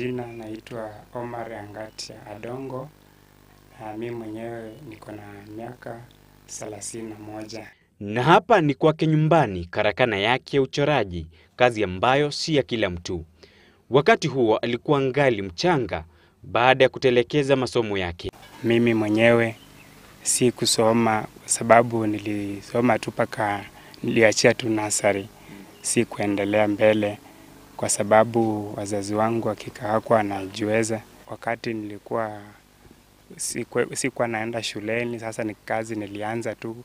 Jina naitwa Omar Angatia Adongo na mi mwenyewe niko na miaka thelathini na moja na hapa ni kwake nyumbani, karakana yake ya uchoraji, kazi ambayo si ya kila mtu. Wakati huo alikuwa ngali mchanga baada ya kutelekeza masomo yake. Mimi mwenyewe si kusoma, sababu nilisoma tu mpaka niliachia tu nasari, si kuendelea mbele kwa sababu wazazi wangu hakika hakuwa wanajiweza. Wakati nilikuwa sikuwa naenda shuleni, sasa ni kazi nilianza tu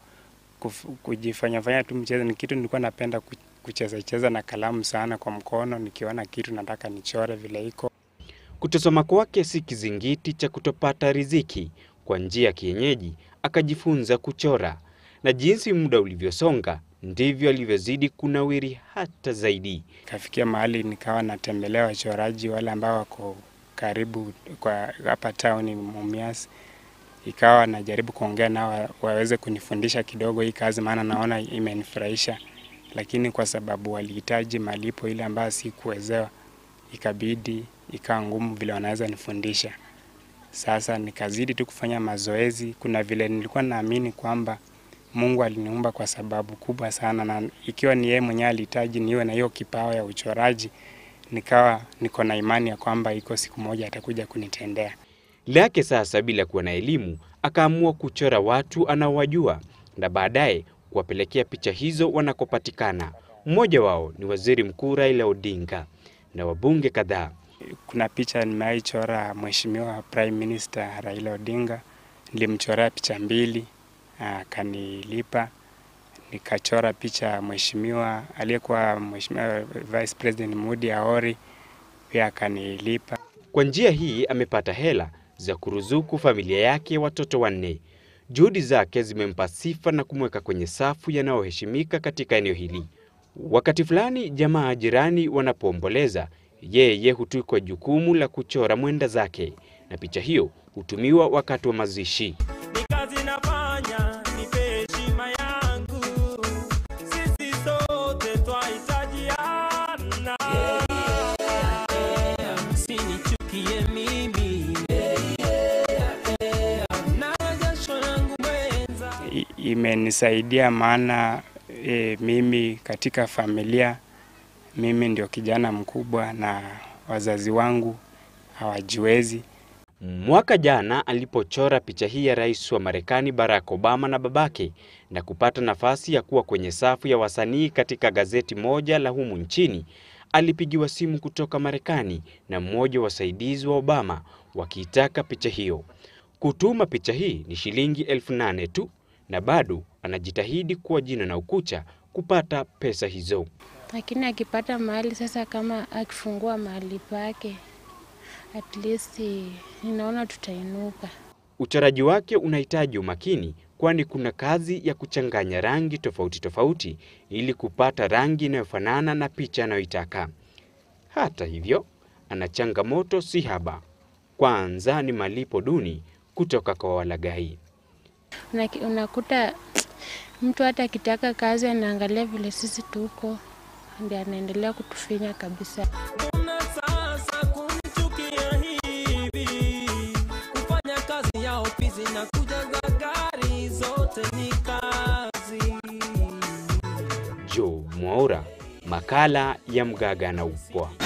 kujifanyafanya tu mchezo. Ni kitu nilikuwa napenda kucheza cheza na kalamu sana kwa mkono, nikiona kitu nataka nichore vile iko. Kutosoma kwake si kizingiti cha kutopata riziki. Kwa njia ya kienyeji akajifunza kuchora na jinsi muda ulivyosonga ndivyo alivyozidi kunawiri hata zaidi. Kafikia mahali nikawa natembelea wachoraji wale ambao wako karibu kwa hapa tauni Mumias, ikawa najaribu kuongea nao waweze kunifundisha kidogo hii kazi, maana naona imenifurahisha, lakini kwa sababu walihitaji malipo ile ambayo sikuwezewa, ikabidi ikawa ngumu vile wanaweza nifundisha. Sasa nikazidi tu kufanya mazoezi. Kuna vile nilikuwa naamini kwamba Mungu aliniumba kwa sababu kubwa sana, na ikiwa ni yeye mwenyewe alihitaji niwe na hiyo kipawa ya uchoraji, nikawa niko na imani ya kwamba iko siku moja atakuja kunitendea lake. Sasa bila kuwa na elimu, akaamua kuchora watu anaowajua na baadaye kuwapelekea picha hizo wanakopatikana. Mmoja wao ni Waziri Mkuu Raila Odinga na wabunge kadhaa. Kuna picha nimewaichora Mheshimiwa Prime Minister Raila Odinga, nilimchorea picha mbili Ah, akanilipa nikachora picha ya mheshimiwa aliyekuwa mheshimiwa Vice President Mudi Aori pia akanilipa. Kwa njia hii amepata hela za kuruzuku familia yake ya watoto wanne. Juhudi zake zimempa sifa na kumweka kwenye safu yanayoheshimika katika eneo hili. Wakati fulani jamaa jirani wanapoomboleza, yeye hutukwa jukumu la kuchora mwenda zake, na picha hiyo hutumiwa wakati wa mazishi kufanya, nipe heshima yangu, sisi sote twahitajiana. Usinichukie mimi na jasho langu mwenza. Imenisaidia maana e, mimi katika familia mimi ndio kijana mkubwa na wazazi wangu hawajiwezi. Mwaka jana alipochora picha hii ya rais wa Marekani Barack Obama na babake na kupata nafasi ya kuwa kwenye safu ya wasanii katika gazeti moja la humu nchini, alipigiwa simu kutoka Marekani na mmoja wa wasaidizi wa Obama wakiitaka picha hiyo. Kutuma picha hii ni shilingi elfu nane tu, na bado anajitahidi kuwa jina na ukucha kupata pesa hizo, lakini akipata mahali sasa, kama akifungua mahali pake at least ninaona tutainuka. Uchoraji wake unahitaji umakini, kwani kuna kazi ya kuchanganya rangi tofauti tofauti ili kupata rangi inayofanana na picha anayoitaka. Hata hivyo, ana changamoto si haba. Kwanza ni malipo duni kutoka kwa walagai Unakuta mtu hata akitaka kazi anaangalia vile sisi tuko, ndio anaendelea kutufinya kabisa. Mwaura, makala ya Mgaga na Upwa.